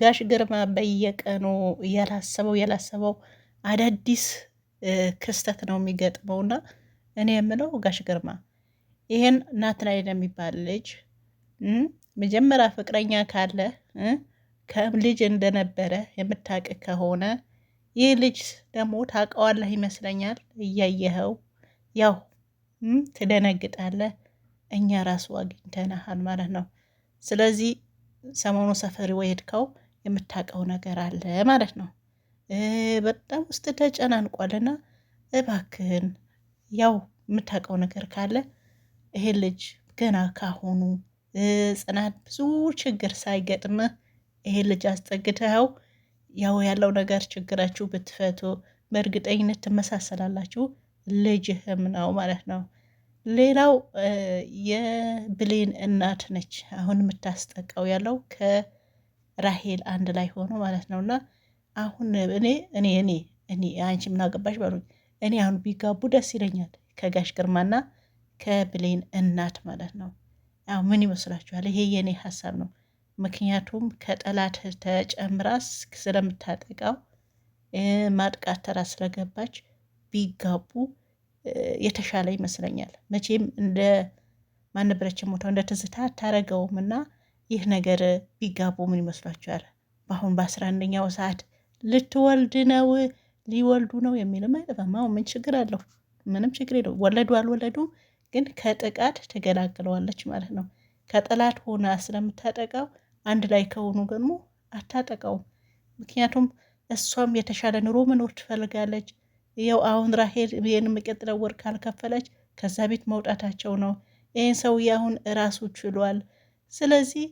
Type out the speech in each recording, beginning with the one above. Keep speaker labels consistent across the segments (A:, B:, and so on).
A: ጋሽ ግርማ በየቀኑ ያላሰበው ያላሰበው አዳዲስ ክስተት ነው የሚገጥመውና እኔ የምለው ጋሽ ግርማ ይሄን ናትናይ የሚባል ልጅ መጀመሪያ ፍቅረኛ ካለ ከልጅ እንደነበረ የምታውቅ ከሆነ ይህ ልጅ ደግሞ ታውቀዋለህ ይመስለኛል። እያየኸው ያው ትደነግጣለህ። እኛ ራሱ አግኝተናሃል ማለት ነው። ስለዚህ ሰሞኑ ሰፈሪ ወሄድከው ሄድከው የምታውቀው ነገር አለ ማለት ነው። በጣም ውስጥ ተጨናንቋልና እባክህን ያው የምታውቀው ነገር ካለ ይሄ ልጅ ገና ካሁኑ ጽናት ብዙ ችግር ሳይገጥም ይሄ ልጅ አስጠግተኸው ያው ያለው ነገር ችግራችሁ ብትፈቱ በእርግጠኝነት ትመሳሰላላችሁ። ልጅህም ነው ማለት ነው። ሌላው የብሌን እናት ነች አሁን የምታስጠቃው ያለው ከራሄል አንድ ላይ ሆኖ ማለት ነው። እና አሁን እኔ እኔ እኔ እኔ አንቺ ምናገባሽ በሉኝ። እኔ አሁን ቢጋቡ ደስ ይለኛል ከጋሽ ግርማና ከብሌን እናት ማለት ነው። ያው ምን ይመስላችኋል? ይሄ የእኔ ሀሳብ ነው። ምክንያቱም ከጠላት ተጨምራ ስለምታጠቃው ማጥቃት ተራ ስለገባች ቢጋቡ የተሻለ ይመስለኛል። መቼም እንደ ማንበረችን ቦታው እንደ ትዝታ አታረገውም እና ይህ ነገር ቢጋቡ ምን ይመስሏችኋል? በአሁን በአስራ አንደኛው ሰዓት ልትወልድ ነው ሊወልዱ ነው የሚልም አይጠፋም። ምን ችግር አለው? ምንም ችግር የለው። ወለዱ አልወለዱ ግን ከጥቃት ተገላግለዋለች ማለት ነው። ከጠላት ሆና ስለምታጠቃው አንድ ላይ ከሆኑ ደግሞ አታጠቃውም። ምክንያቱም እሷም የተሻለ ኑሮ መኖር ትፈልጋለች። ይኸው አሁን ራሄል ይህን የሚቀጥለው ወር ካልከፈለች ከዛ ቤት መውጣታቸው ነው። ይህን ሰውዬ አሁን እራሱ ችሏል። ስለዚህ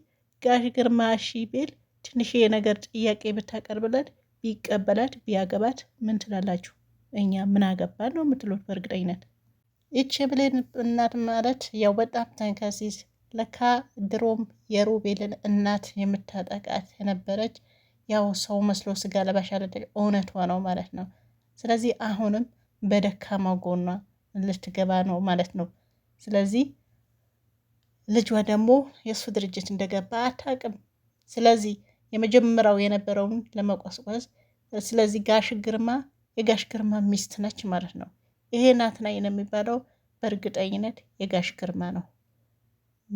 A: ጋሽ ግርማ እሺ ቢል ትንሽ የነገር ጥያቄ ብታቀርብለት ቢቀበላት ቢያገባት ምን ትላላችሁ? እኛ ምን አገባን ነው የምትሉት? በእርግጠኝነት ይቺ ብሌን እናት ማለት ያው በጣም ተንከሲስ ለካ ድሮም የሮቤልን እናት የምታጠቃት የነበረች ያው ሰው መስሎ ስጋ ለባሽ እውነቷ ነው ማለት ነው። ስለዚህ አሁንም በደካማ ጎኗ ልትገባ ነው ማለት ነው። ስለዚህ ልጇ ደግሞ የእሱ ድርጅት እንደገባ አታውቅም። ስለዚህ የመጀመሪያው የነበረውን ለመቆስቆስ ስለዚህ ጋሽ ግርማ የጋሽ ግርማ ሚስት ነች ማለት ነው። ይሄ ናትናይ የሚባለው በእርግጠኝነት የጋሽ ግርማ ነው።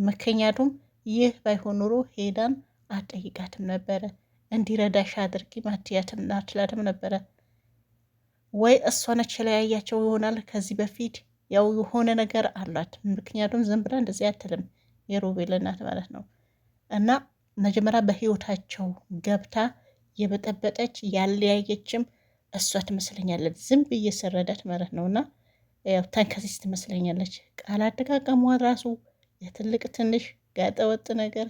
A: ምክንያቱም ይህ ባይሆን ኑሮ ሄዳን አጠይቃትም ነበረ እንዲረዳሽ አድርጊ ማትያትም ናትላትም ነበረ። ወይ እሷ ነች የለያያቸው ይሆናል። ከዚህ በፊት ያው የሆነ ነገር አሏት። ምክንያቱም ዝም ብላ እንደዚህ አትልም የሮቤል እናት ማለት ነው። እና መጀመሪያ በህይወታቸው ገብታ የበጠበጠች ያለያየችም እሷ ትመስለኛለች። ዝም ብዬ ስረዳት ማለት ነው። እና ያው ተንከሲስ ትመስለኛለች። ቃል አደጋቀሟ ራሱ የትልቅ ትንሽ ጋጠወጥ ነገር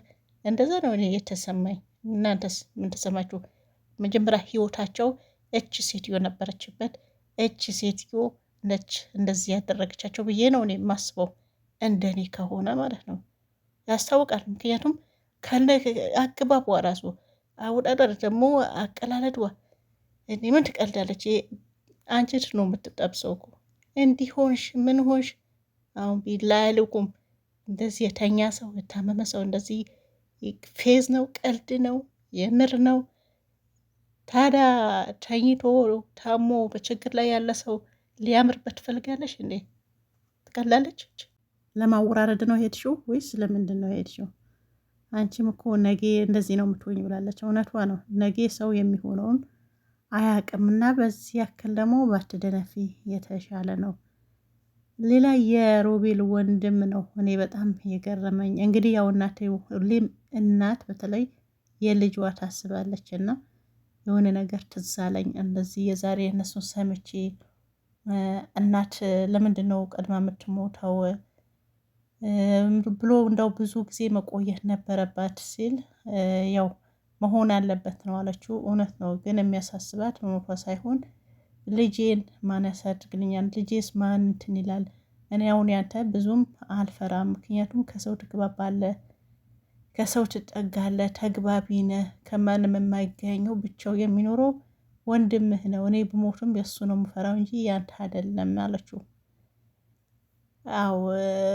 A: እንደዛ ነው እኔ የተሰማኝ። እናንተስ ምን ተሰማችሁ? መጀመሪያ ህይወታቸው እች ሴትዮ ነበረችበት። እች ሴትዮ ነች እንደዚህ ያደረገቻቸው ብዬ ነው እኔ የማስበው፣ እንደኔ ከሆነ ማለት ነው። ያስታውቃል። ምክንያቱም አገባቧ ራሱ አወዳደር ደግሞ አቀላለድዋ እኔ ምን ትቀልዳለች? አንጀት ነው የምትጠብሰው እኮ እንዲህ ሆንሽ፣ ምን ሆንሽ? አሁን ቢላ እንደዚህ የተኛ ሰው የታመመ ሰው እንደዚህ ፌዝ ነው፣ ቀልድ ነው፣ የምር ነው። ታዲያ ተኝቶ ታሞ በችግር ላይ ያለ ሰው ሊያምርበት ትፈልጋለሽ እንዴ? ትቀላለች።
B: ለማወራረድ ነው ሄድሽው ወይስ ለምንድን ነው ሄድሽው? አንቺም እኮ ነጌ እንደዚህ ነው የምትሆኝ ብላለች። እውነቷ ነው። ነጌ ሰው የሚሆነውን አያቅምና በዚህ ያክል ደግሞ ባትደነፊ የተሻለ ነው። ሌላ የሮቤል ወንድም ነው። እኔ በጣም የገረመኝ እንግዲህ ያው እናት ሁሌም እናት በተለይ የልጅዋ ታስባለች እና የሆነ ነገር ትዝ አለኝ። እንደዚህ የዛሬ እነሱን ሰምቼ እናት ለምንድን ነው ቀድማ የምትሞተው ብሎ እንደው ብዙ ጊዜ መቆየት ነበረባት ሲል ያው መሆን አለበት ነው አለችው። እውነት ነው ግን የሚያሳስባት መሞቷ ሳይሆን ልጄን ማን ያሳድግልኛል? ልጄስ ማን እንትን ይላል? እኔ አሁን ያንተ ብዙም አልፈራም፣ ምክንያቱም ከሰው ትግባባለህ ከሰው ትጠጋለህ፣ ተግባቢ ነህ፣ ከማንም የማይገኘው ብቻው የሚኖረው ወንድምህ ነው። እኔ ብሞቱም የእሱ ነው የምፈራው እንጂ ያንተ አይደለም አለችው። አዎ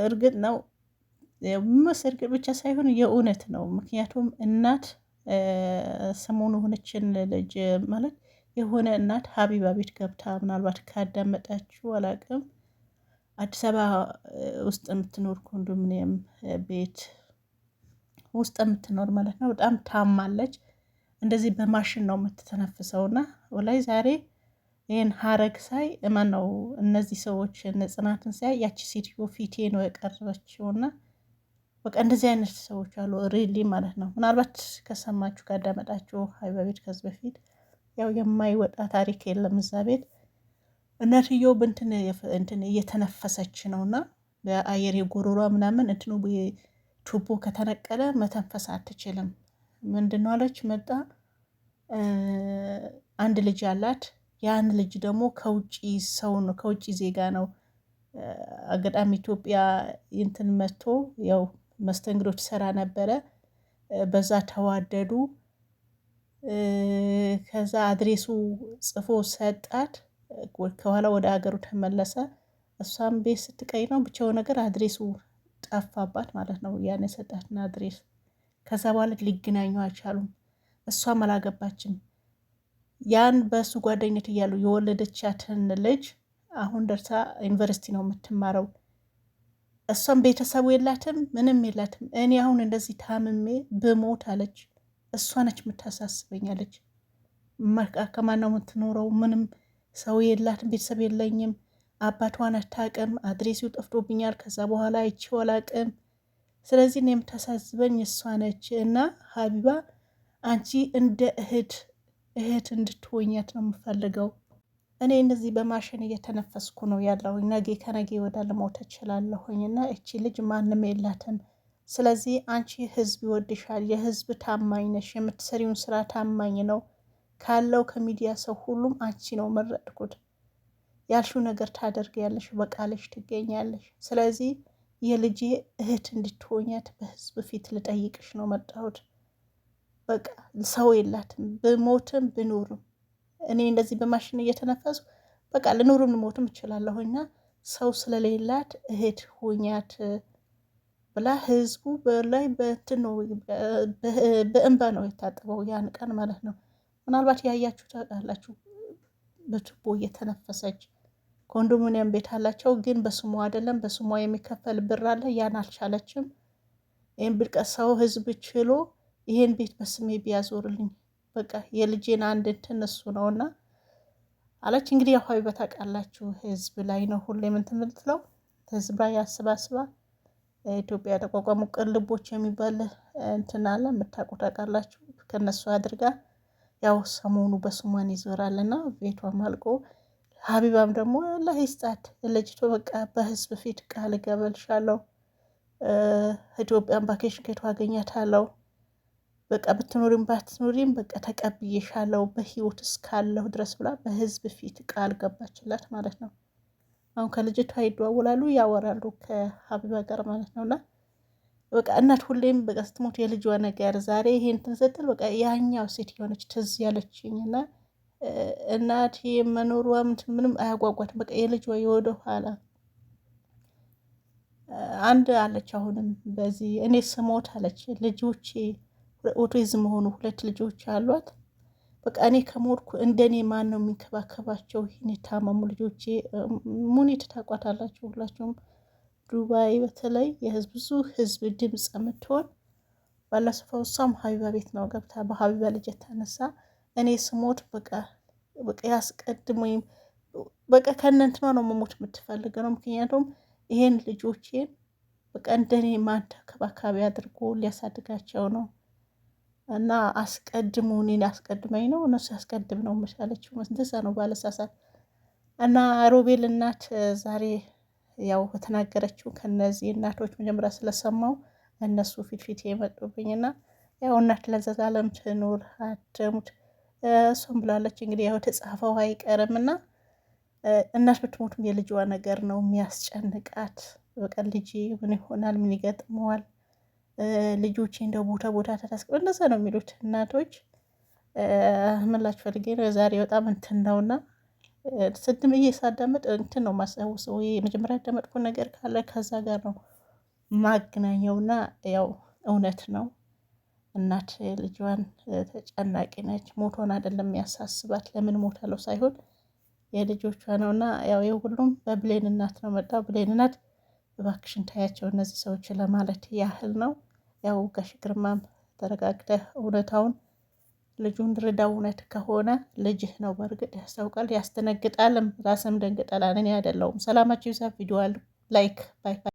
B: እርግጥ ነው ምስ እርግጥ ብቻ ሳይሆን የእውነት ነው። ምክንያቱም እናት ሰሞኑ ሆነችን ልጅ ማለት የሆነ እናት ሀቢባ ቤት ገብታ ምናልባት ካዳመጣችሁ አላቅም አዲስ አበባ ውስጥ የምትኖር ኮንዶሚኒየም ቤት ውስጥ የምትኖር ማለት ነው። በጣም ታማለች። እንደዚህ በማሽን ነው የምትተነፍሰው እና ወላሂ ዛሬ ይህን ሀረግ ሳይ እማን ነው እነዚህ ሰዎች ጽናትን ሳይ ያቺ ሴትዮ ፊቴ ነው የቀረበችው እና በቃ እንደዚህ አይነት ሰዎች አሉ ሪሊ ማለት ነው። ምናልባት ከሰማችሁ ካዳመጣችሁ ሀይባ ቤት ከዚህ በፊት ያው የማይወጣ ታሪክ የለም እዛ ቤት እነትዮ እንትን እየተነፈሰች ነው እና በአየር የጎሮሯ ምናምን እንትኑ ቱቦ ከተነቀለ መተንፈስ አትችልም። ምንድን አለች መጣ አንድ ልጅ አላት። የአንድ ልጅ ደግሞ ከውጭ ሰው ነው፣ ከውጭ ዜጋ ነው። አጋጣሚ ኢትዮጵያ እንትን መጥቶ ያው መስተንግዶ ትሰራ ነበረ። በዛ ተዋደዱ። ከዛ አድሬሱ ጽፎ ሰጣት። ከኋላ ወደ ሀገሩ ተመለሰ። እሷም ቤት ስትቀይ ነው ብቻው ነገር አድሬሱ ጠፋባት ማለት ነው። ያን የሰጣትና አድሬስ ከዛ በኋላ ሊገናኙ አልቻሉም። እሷም አላገባችም። ያን በእሱ ጓደኝነት እያሉ የወለደቻትን ልጅ አሁን ደርሳ ዩኒቨርሲቲ ነው የምትማረው። እሷም ቤተሰቡ የላትም፣ ምንም የላትም። እኔ አሁን እንደዚህ ታምሜ ብሞት አለች። እሷ ነች የምታሳስበኛለች። ከማን ነው የምትኖረው? ምንም ሰው የላትም፣ ቤተሰብ የለኝም አባቷን አታቅም፣ አድሬሱ ጠፍቶብኛል። ከዛ በኋላ አይቼው አላውቅም። ስለዚህ እኔ የምታሳዝበኝ እሷ ነች እና ሀቢባ አንቺ እንደ እህት እህት እንድትወኛት ነው የምፈልገው። እኔ እንደዚህ በማሽን እየተነፈስኩ ነው ያለው ነጌ ከነጌ ወዳ ልሞት እችላለሁኝ እና እቺ ልጅ ማንም የላትም። ስለዚህ አንቺ ህዝብ ይወድሻል። የህዝብ ታማኝ ነሽ። የምትሰሪውን ስራ ታማኝ ነው። ካለው ከሚዲያ ሰው ሁሉም አንቺ ነው መረጥኩት ያልሽው ነገር ታደርጊያለሽ፣ በቃልሽ ትገኛለሽ። ስለዚህ የልጄ እህት እንድትሆኛት በህዝብ ፊት ልጠይቅሽ ነው መጣሁት። በቃ ሰው የላትም ብሞትም ብኖርም እኔ እንደዚህ በማሽን እየተነፈሱ በቃ ልኖርም ልሞትም እችላለሁና ሰው ስለሌላት እህት ሆኛት ብላ ህዝቡ በላይ በእንትን ነው በእንባ ነው የታጠበው ያን ቀን ማለት ነው። ምናልባት ያያችሁ ታውቃላችሁ በቱቦ እየተነፈሰች ኮንዶሚኒየም ቤት አላቸው፣ ግን በስሙ አይደለም። በስሟ የሚከፈል ብር አለ። ያን አልቻለችም። ይህን ብልቀት ሰው ህዝብ ችሎ ይህን ቤት በስሜ ቢያዞርልኝ በቃ የልጄን አንድ እንትን እሱ ነው እና አለች። እንግዲህ ያው ሀቢባ ታውቃላችሁ፣ ህዝብ ላይ ነው ሁሌም እንትን የምትለው ህዝብ ላይ አስባስባ ኢትዮጵያ ተቋቋሙ ቅልቦች የሚባል እንትን አለ የምታውቁ ታውቃላችሁ። ከነሱ አድርጋ ያው ሰሞኑ በስሟን ይዞራልና ቤቷ ማልቆ ሀቢባም ደግሞ አላህ ይስጣት በቃ በህዝብ ፊት ቃል ገበልሻለው ኢትዮጵያን ባኬሽን ከየት አገኛታለው በቃ ብትኖሪም ባትኖሪም በቃ ተቀብዬሻለው በህይወት እስካለሁ ድረስ ብላ በህዝብ ፊት ቃል ገባችላት ማለት ነው። አሁን ከልጅቷ ይደዋወላሉ ያወራሉ ከሀቢባ ጋር ማለት እና በቃ እናት ሁሌም በቃ ስትሞት የልጇ ነገር ዛሬ ይሄን ትንሰጥል በቃ ያኛው ሴት የሆነች ትዝ እና እናቴ መኖሯ ምንም አያጓጓትም። በቃ የልጇ የወደ ኋላ አንድ አለች። አሁንም በዚህ እኔ ስሞት አለች ልጆቼ ኦቲዝም መሆኑ ሁለት ልጆች አሏት። በቃ እኔ ከሞትኩ እንደኔ ማን ነው የሚንከባከባቸው? ይህን የታመሙ ልጆቼ ሙኒት ታውቋታላችሁ ሁላቸውም ዱባይ በተለይ የህዝብ ብዙ ህዝብ ድምፅ የምትሆን ባለስፋው እሷም ሀቢባ ቤት ነው ገብታ በሀቢባ ልጅ የተነሳ እኔ ስሞት በቃ ያስቀድሞ ያስቀድሙኝ በቃ ከእነንትኗ ነው መሞት የምትፈልገ ነው። ምክንያቱም ይሄን ልጆቼን በቃ እንደኔ ማን ተንከባካቢ አድርጎ ሊያሳድጋቸው ነው እና አስቀድሙ እኔን አስቀድመኝ ነው እነሱ ያስቀድም ነው መሻለችው መስደሳ ነው ባለሳሳት እና ሮቤል እናት ዛሬ ያው በተናገረችው ከነዚህ እናቶች መጀመሪያ ስለሰማው እነሱ ፊትፊት የመጡብኝ እና ያው እናት ለዘላለም ትኑር አደሙት እሱም ብላለች እንግዲህ ያው ተጻፈው አይቀርም እና እናት ብትሞትም የልጅዋ ነገር ነው የሚያስጨንቃት። በቀን ልጅ ምን ይሆናል? ምን ይገጥመዋል? ልጆች እንደ ቦታ ቦታ ተታስቀ እንደዛ ነው የሚሉት እናቶች። ምላች ፈልጌ ነው ዛሬ በጣም እንትን ነው እና ስድም ሳዳምጥ እንትን ነው ማስታውሰው የመጀመሪያ ያዳመጥኩ ነገር ካለ ከዛ ጋር ነው ማገናኘውና ያው እውነት ነው። እናት ልጇን ተጨናቂ ነች። ሞቶን አይደለም የሚያሳስባት ለምን ሞታለው ሳይሆን የልጆቿ ነው እና ያው የሁሉም በብሌን እናት ነው መጣው። ብሌን እናት እባክሽን ታያቸው እነዚህ ሰዎች ለማለት ያህል ነው። ያው ጋሽ ግርማም ተረጋግተህ እውነታውን ልጁን ድርዳ እውነት ከሆነ ልጅህ ነው። በእርግጥ ያስታውቃል፣ ያስደነግጣልም፣ ራስም ደንግጠላንን ያደለውም። ሰላማችሁ ይብዛ። ቪዲዮ ላይክ ባይ